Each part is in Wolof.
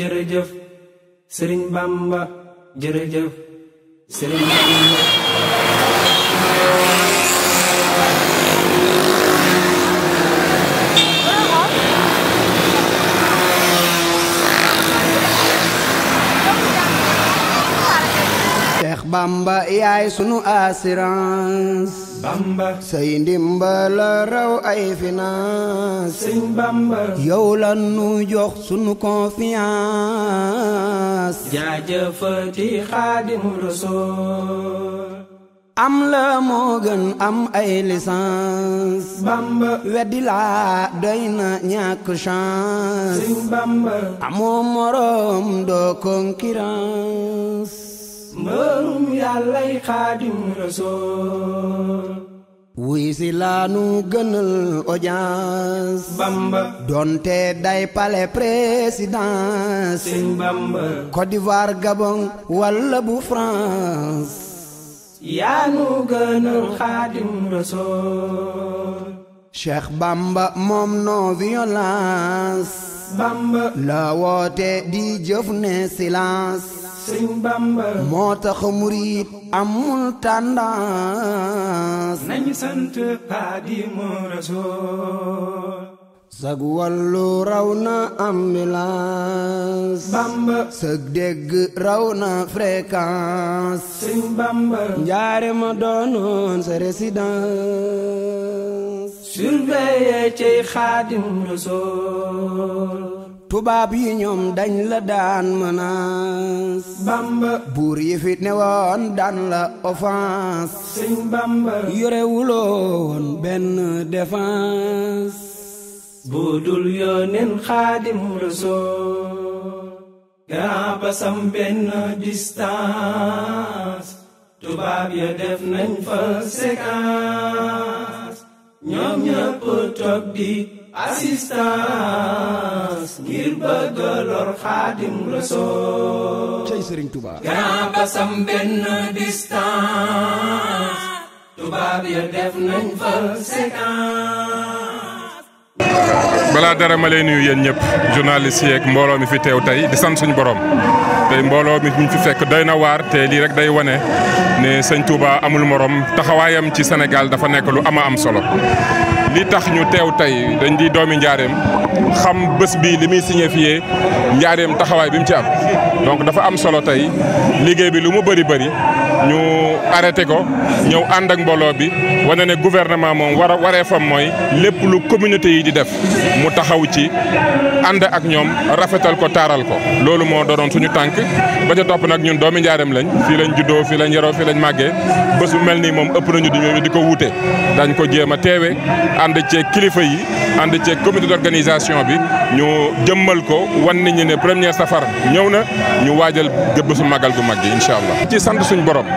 jërëjëf sëriñ Bamba jërëjëf sëriñ Bamba bamba yaay sunu assurance. bamba. say ndimbal raw ay finance. sëñ yow la nu jox sunu confiance. jaajëfati xaadimu rasool. am la moo am ay licence. bamba. weddi laa doy na ñàkk chance. sëñ bamba. doo concurrence. mbërum yàllay xaadim rasool wuy si laanu gënal audience bamba donte day palais présidence sëñ Gabon walla bu France yaa nu gënal xaadim rasool Cheikh Bamba moom non violence Bamba la woote di jëf ne silence sëriñ moo tax murit amul tendance nañu sant Xaadimu Rasuul sag wàllu raw na ambulance Bamba sag dégg raw na fréquence njaare ma doonoon sa résidence surveiller ci Xaadimu Rasuul tubaab yi ñoom dañ la daan menace bamba buur yi fi ne woon daan la offense sëñ bamba yore wuloo woon benn défense budul yoneen xaadim rasool yaa basam benn distance tubaab ya def nañ fa séquence ñoom ñëpp toog di assistance ngir balaa dara ma lay nuyu yéen ñëpp journaliste yeeg mbooloo mi fi teew tey di sant boroom tey mbooloo mi fi fekk doy na waar te lii rek day wane ne sëñ Touba amul moroom taxawaayam ci senegal dafa nekk lu ama am solo. li tax ñu teew tey dañ di doomi njaareem xam bés bi li muy signifié njaareem taxawaay bi mu ci am donc dafa am solo tey liggéey bi lu mu bëri bëri ñu arrêté ko ñëw ànd ak mbooloo bi wane ne gouvernement moom war a waree fam mooy lépp lu communauté yi di def mu taxaw ci ànd ak ñoom rafetal ko taaral ko loolu moo doonoon suñu tànk ba ca topp nag ñun doomi njaareem lañ fii lañ juddoo fii lañ yaroo fii lañ màggee bés bu mel nii moom ëpp nañu di di ko wuute dañ ko jéem a teewe ànd ceeg kilifa yi ànd ceeg comité d'organisation bi ñu jëmmal ko wan nit ne première safar ñëw na ñu waajal bésu màggal gu mag gi incha allah ci sant suñu borom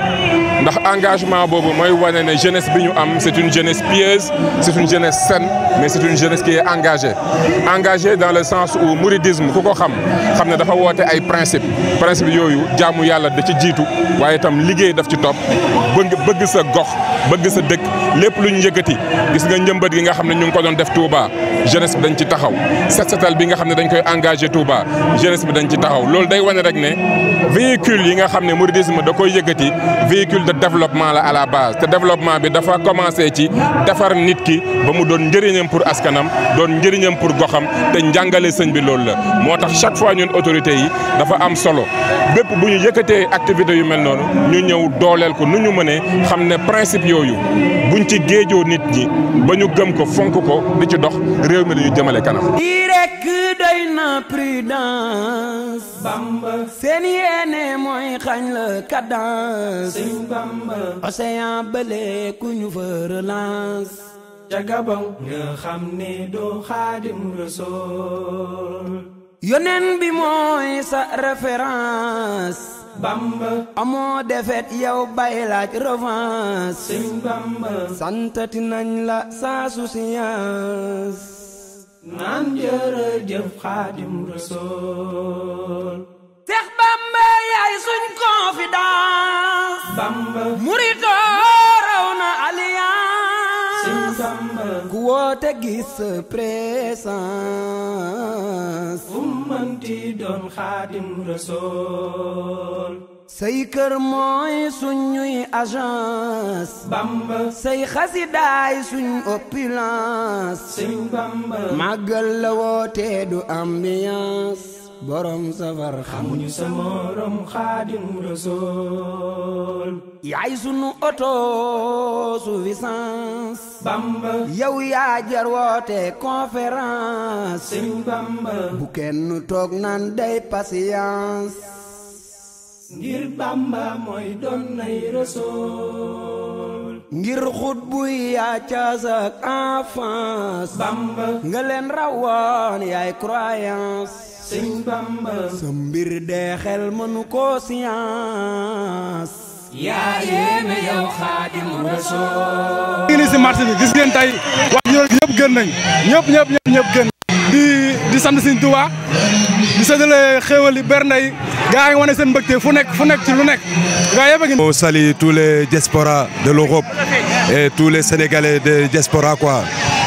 ndax engagement boobu mooy wane ne jeunesse bi ñu am c'est une jeunesse pieuse c'est une jeunesse saine mais c'est une jeunesse qui engage engagée engagée dans le sens où mouridisme ku ko xam xam ne dafa woote ay principe principe yooyu jaamu yàlla da ci jiitu waaye itam liggéey daf ci topp bëgg bëgg sa gox bëgg sa dëkk lépp lu ñu yëkkati gis nga njëmbët gi nga xam ne ñu ngi ko doon def Touba jeunesse bi dañ ci taxaw set setal bi nga xam ne dañ koy engagé Touba jeunesse dañ ci taxaw loolu day wane rek ne véhicule yi nga xam ne mouridisme da koy yëkkati véhicule de développement la à la base te développement bi dafa commencé ci defar nit ki ba mu doon njëriñam pour askanam doon njëriñam pour goxam te njàngale sëñ bi loolu la moo tax chaque fois ñun autorité yi dafa am solo bépp bu ñu yëkkatee activité yu mel noonu ñu ñëw dooleel ko nu ñu mënee xam ne principe yooyu bu buñ ci géejoo nit ñi ba ñu gëm ko fonk ko di ci dox réew mi la ñu jëmale kanam prudence bamba seen yéene mooy xañ la cadence sëñ bamba ku ñu fa relance jagabaw nga xam ne doo xaadim rasool yoneen bi mooy sa référence bamba amoo defet yow bay laaj revanche santati nañ la sa souciance naan jërëjëf xaadim rasool seex bamba yaay suñ confidence bamba muritoo raw na alliance suñ bamba ku woote gis présence fu mënti doon xaadim rasool sëy kër mooy suñuy agence. bamba say xasidaay suñ opulence. suñ bamba. màggal la wootee du ambiance. borom safar xamuñu sa morom xaadim rasool. yaay sunu autosuffisance. bamba. yow yaa jar woote conférence. bu kenn toog naan day patience. ngir bamba mooy doon xut buy yaa ak enfance bamba nga leen rawoon yaay croyance sëñ bamba sa mbir dee xel mënu ko science yaa yéeme yow xaadimu rasool ngi ni si marché bi gis ngeen tey wax ñoo ñëpp gën nañ ñëpp ñëpp di di sant sëñ Tuubaa di séddale xéewal yi bernde gars yi wane seen mbëgte fu nekk fu nekk ci lu nekk gars yëpp a ngi. on salue tous les diasporas de l'Europe et tous les Sénégalais de diaspora quoi.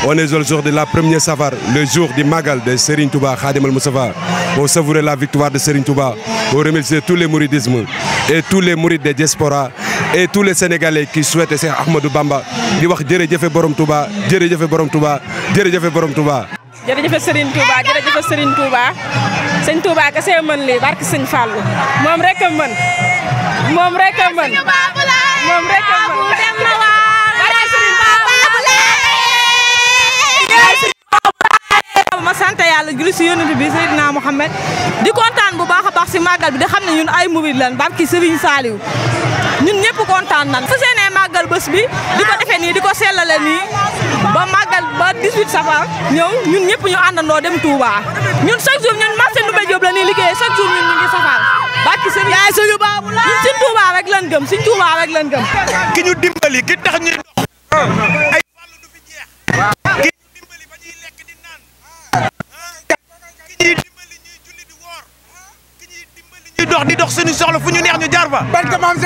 On est le jour de la première Safar, le jour du Magal de Serigne Touba, Khadim al Moussafa. Pour savourer la victoire de Serigne Touba, pour remercier tous les mouridismes et tous les mourides des diasporas et tous les Sénégalais qui souhaitent Cheikh Ahmadou Bamba di wax jërëjëfe borom Touba jërëjëfe borom Touba jërëjëfe borom Touba. jërëjëfe Serigne Touba jërëjëfe sëñ Touba kese mën lii barke sëñ Fallou moom rek a mën moom rek a mën moom rek a mën ma sant yàlla julli si yonent bi Seydina Muhammad di kontaan bu baax baax si màggal bi da xam ne ñun ay murid lan barki Serigne Saliou ñun ñëpp kontaan nan fu seenee màggal bés bi di ko defee nii di ko sellale nii ba màggal ba 18 safar ñëw ñun ñëpp ñu àndandoo dem Touba ñun chaque jour ñun marché Ndoumbé Diop la ñuy liggéeyee chaque jour ñun ñu ngi safar bàkki sëriñ yaay suñu baabu la ñun suñ Touba rek lan gëm suñ Touba rek lan gëm ki ñu dimbali ki tax ñuy dox Rafal. barke maam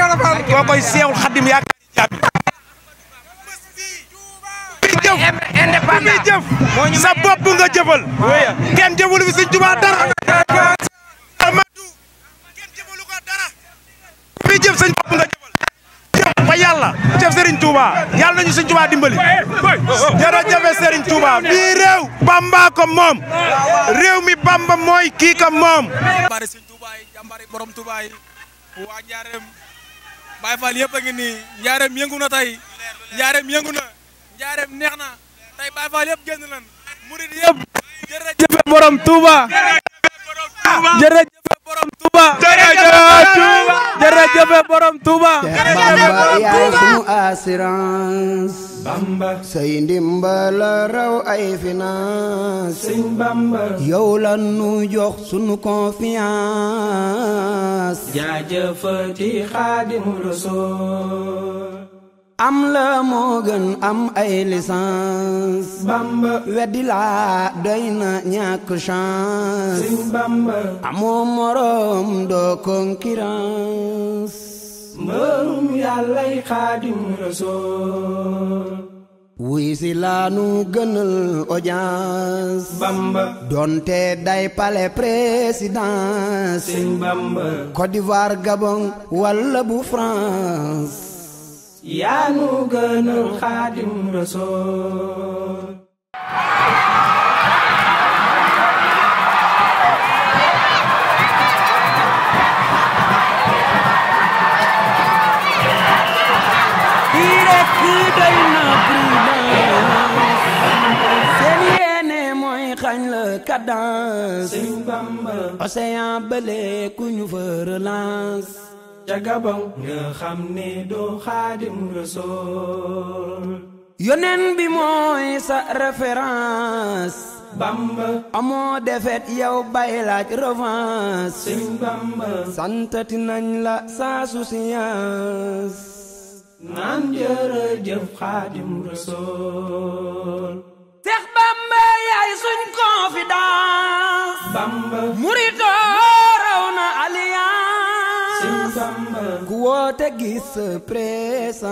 koy seewul xaddim yaakaar jaabi. jëf jëf sa bopp nga jëfal. kenn jëfalu fi Sëriñ Tuubaa dara. kenn jëfalu jëf sa bopp nga jëf fa yàlla jëf Serigne Touba yàlla nañu Serigne Touba dimbali. jërëjëf Serigne Touba bii réew. Bamba ko moom. réew mi Bamba mooy kii ko moom. waa njaareem Baye Fall yëpp a ngi nii njaareem yëngu na tey njaareem yëngu na njaareem neex na tey Baye Fall yëpp génn nañ murid yëpp jërëjëf borom Touba jërëjëf borom Touba jërëjëf borom Touba. jërëjëf borom Touba yaay sunu assurance. Bamba. say ndimbal raw ay finance. sëñ Bamba. la nu jox sunu confiance. jaajëfati Xaadimu Rasuul am la moo gën am ay licence bamba weddi laa doy na ñàkk chance sëñ bamba doo concurrence mbërum yàllay xaadim rasool wuy si laa nu gënal audience bamba donte day palais présidence sëñ Gabon walla bu France yaa nu gënal xaadim rasool cadence Océan bële ku ñu fa relance ca gabaw nga xam ni du xaadim rasool yonen bi mooy sa référence bamba amoo defet yow bay laaj revanche bamba santati nañ la sa souciance naan jërëjëf xaadim rasool seex bamba yaay suñ confidence bamba woote gis sa présence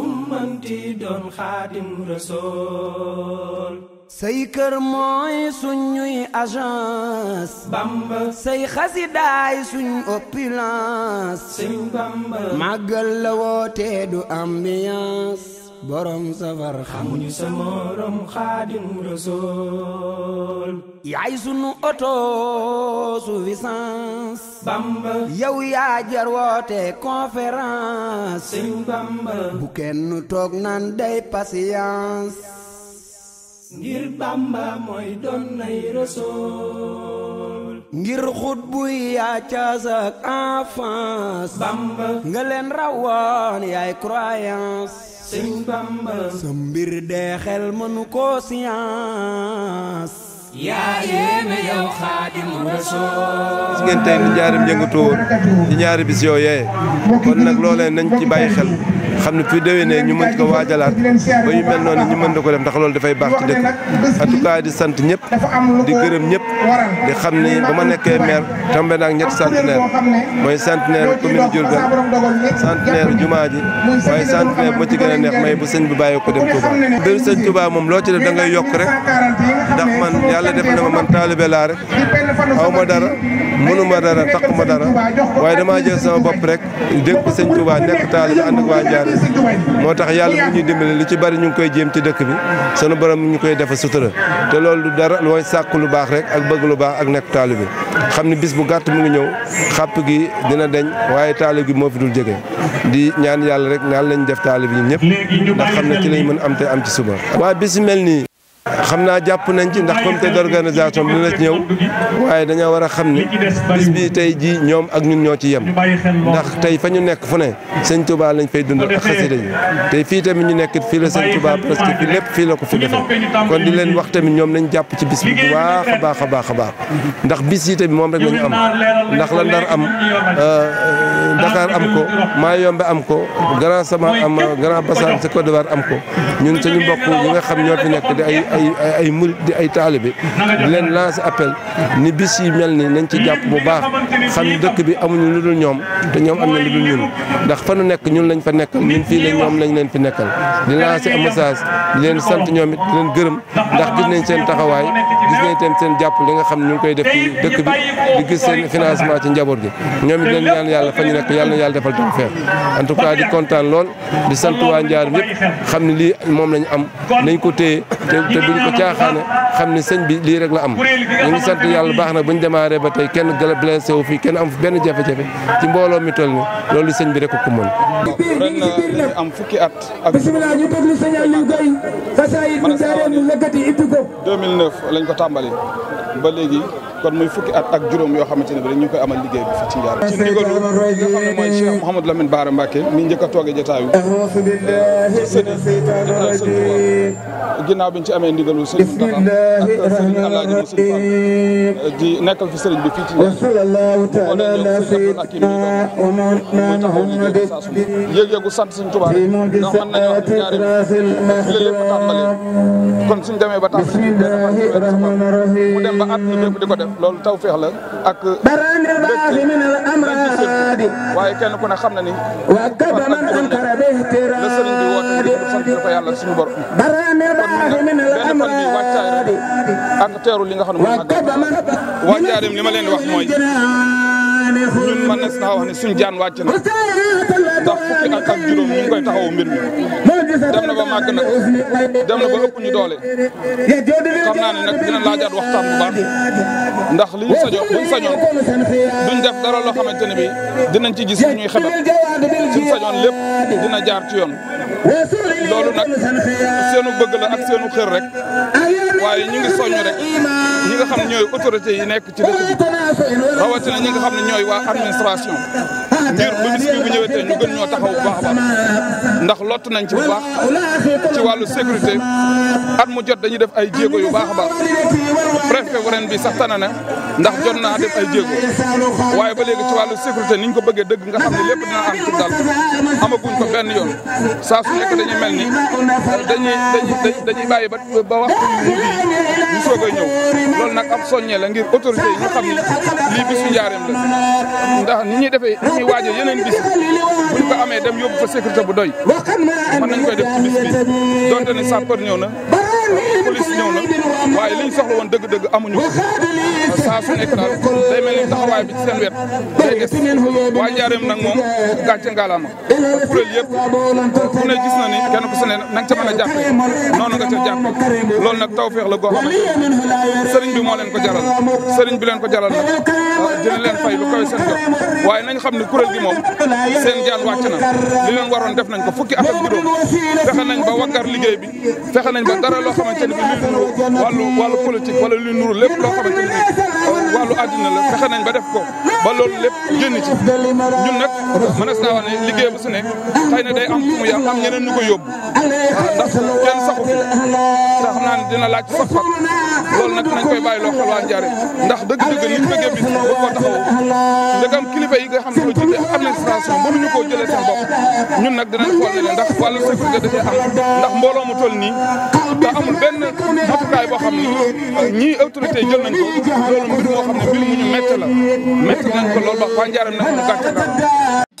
ummanti doon xaadim rasool say kër mooy suñuy agence bamba say xasidaay suñ opulence sëñ bamba màggal la woote du ambiance borom safar xamuñu sa morom xaadim rasool yaay sunu autosuffisance bamba yow yaa woote conférence sëñ bamba bu kenn toog naan day patience ngir bamba mooy doon nay rasool ngir xut buy yaa ak enfance nga leen rawoon yaay croyance sëñ mbir dee xel mënu ko science yaa yéeme yow xaadimu rasool gis ngeen tey njaarim yëngatu ci ñaari bis yooyee kon nag loolee nañ ci bàyyi xel xam ne fii déwénee ñu mën ko waajalaat ba yu ñu mën di ko dem ndax loolu dafay baax ci dëkk en di sant ñëpp di gërëm ñëpp di xam ni ba ma nekkee maire tombé naag ñetti centenaire mooy sant centenaire commune sant centenaire jumaa ji waaye sant bu ma ci gën a neex may bu sëñ bi bàyyi ko dem Touba biir sëñ Touba moom loo ci def da ngay yokk rek ndax man yàlla def na ma man taalibe laa rek aw ma dara mënuma ma dara taq ma dara waaye damaa jël sama bopp rek dégg ko sëñ Touba nekk taalibe moo tax yàlla mu ñuy dimbale li ci bari ñu ngi koy jéem ci dëkk bi sunu borom ñu koy defa sutura te loolu du dara looy sàkk lu baax rek ak bëgg lu baax ak nekk taalibe xam ne bis bu gàtt mu ngi ñëw xàpp gi dina deñ waaye taalibe gi moo fi dul jege di ñaan yàlla rek naan lañ def taalibe ñun ñëpp ndax xam ne ci lañ mën am te am ci suba waaye bis mel nii xam naa jàpp nañ ci ndax comité d'organisation bi dina ci ñëw waaye dañoo war a xam ni bis bi tey jii ñoom ak ñun ñoo ci yem ndax tey fa ñu nekk fu ne sëñ Touba lañ fay dundal ak xasida tey fii tamit ñu nekk fii la sëñ Touba presque fii lépp fii la ko fi defee kon di leen wax tamit ñoom nañ jàpp ci bis bi bu baax a baax a baax ndax bis yi tamit moom rek lañu am ndax la ndar am euh, Dakar am ko Mayombe am ko Grand Sama am Grand Bassam ci Côte d'Ivoire am ko ñun suñu mbokk ñi nga xam ñoo fi nekk di ay ay ay murit di ay taalibe di leen lancer appel ni bis yi mel ni nañ ci jàpp bu baax xam dëkk bi amuñu lu dul ñoom te ñoom am na lu dul ñun ndax fa nu nekk ñun lañ fa nekkal ñun fii lañ ñoom lañ leen fi nekkal di lancer un message di leen sant ñoom it di leen gërëm ndax gis nañ seen taxawaay gis nañ tam seen jàpp li nga xam ñu ngi koy def dëkk bi di gis seen financement ci njaboot gi yàlla na yàlla defal tawfeex en tout cas di kontaan lool di sant waa Njaaréem yëpp xam ne lii moom lañ am nañ ko téye te te duñ xam ni sëñ bi lii rek la am ñu ngi sant yàlla baax na bu ñu démarré ba tey kenn gën a wu fii kenn am benn jafe-jafe ci mbooloo mi toll ni loolu sëñ bi rek ko mën ren dañu am fukki at ak bismillah ko 2009 lañ ko tàmbali ba léegi kon muy fukki at ak juróom yoo xamante ne bi ñu koy amal liggéey bi fii ci Ndiar ci ndigalu nga xam ne mooy Cheikh Mouhamadou Lamine a toogee jotaayu sëñ ginnaaw biñ ci di nekkal fi sëriñ bi fii ci yëg-yëgu sant suñ Tuubaa ndax mën nañoo wax ñaari fi la lépp tàmbalee kon suñ demee ba tàmbalee mu dem ba at ñu lépp di ko def loolu taw feex la ak waaye kenn ku ne xam na ni la sëriñ bi sant na ko yàlla suñu borom kon benn fan bi wàccaay rek ak teeru li nga xam ne moom la wàccaareem li ma leen wax mooy ñun man na sax wax ne suñu jaan wàcc na ndax fukki at ak juróom ñu ngi koy taxawu mbir mi dem na ba màgg nag dem na ba ëpp ñu doole xam naa ne nag dina laajaat waxtaan bu baax ndax li ñu sañoon buñ sañoon duñ def dara loo xamante ne bi dinañ ci gis ñuy xebal suñ sañoon lépp dina jaar ci yoon loolu nag seenu bëgg la ak seenu xër rek waaye ñu ngi soññ rek ñi nga xam ñooy autorité yi nekk ci dëkk bi rawatina ñi nga xam ne ñooy waa administration ngir ba bis bi bu ñëwee ñu gën ñoo taxaw bu a baax ndax lott nañ ci bu baax ci wàllu sécurité at mu jot dañuy def ay jéego yu baax a baax préfet bu bi sax tane ndax jot naa def ay jéego waaye ba léegi ci wàllu sécurité niñ ko bëggee dëgg nga xam ne lépp dina am ci dal amaguñ ko benn yoon saa su nekk dañuy mel ni dañuy dañuy dañuy bàyyi ba ba waxtu bi soog a ñëw loolu nag am soññe la ngir autorité yi ñu xam ni lii bisu njaareem la ndax ni ñuy defee ni ñuy waaje yeneen bis bu ñu ko amee dem yóbbu fa sécurité bu doy mën nañ koy def ci bis bi donte ne sapeur ñëw na police ñëw na waaye liñ soxla woon dëgg-dëgg a ko saa su nekk daal day mel ni taxawaay bi seen wet day des waa jaareem nag moom gàcce ngaalaama ak kuréel yëpp ku ne gis na ni kenn ku si ne na nga ca mën a jàppe noonu nga ca jàppe loolu nag tawféex la goo xamante sëriñ bi moo leen ko jaral sëriñ bi leen ko jaral nag dina ah, leen fay lu kawe seen jot waaye na li leen waroon def nañ ko fukki at ak juróom fexe nañ ba waggar liggéey bi fexe nañ ba loo xamante ni bi luy nuru wàllu wàllu politique wala lépp loo xamante ni bi wàllu la fexe ba def ko ba loolu lépp génn ci ñun nag mënees naa wax ne liggéey bu day am fu mu am ñeneen ñu ko yóbbu ndax kenn naa ne dina laaj sax loolu nag nañ koy bàyyi loo xel waa Njaaréem ndax dëgg-dëgg liñ bëggee bis ba ko taxaw ndegam kilifa yi ga xam ne ñoo jiite administration mënuñu koo jëlee seen bopp ñun nag dinañ xool ne leen ndax wàllu sécurité dafay am ndax mbooloo mu toll nii te amul benn matukaay boo xam ne ñii autorité jël nañ ko loolu mbir moo xam ne mbir mu ñu métti la métti nañ ko loolu ba waa Njaaréem nag mu gàtt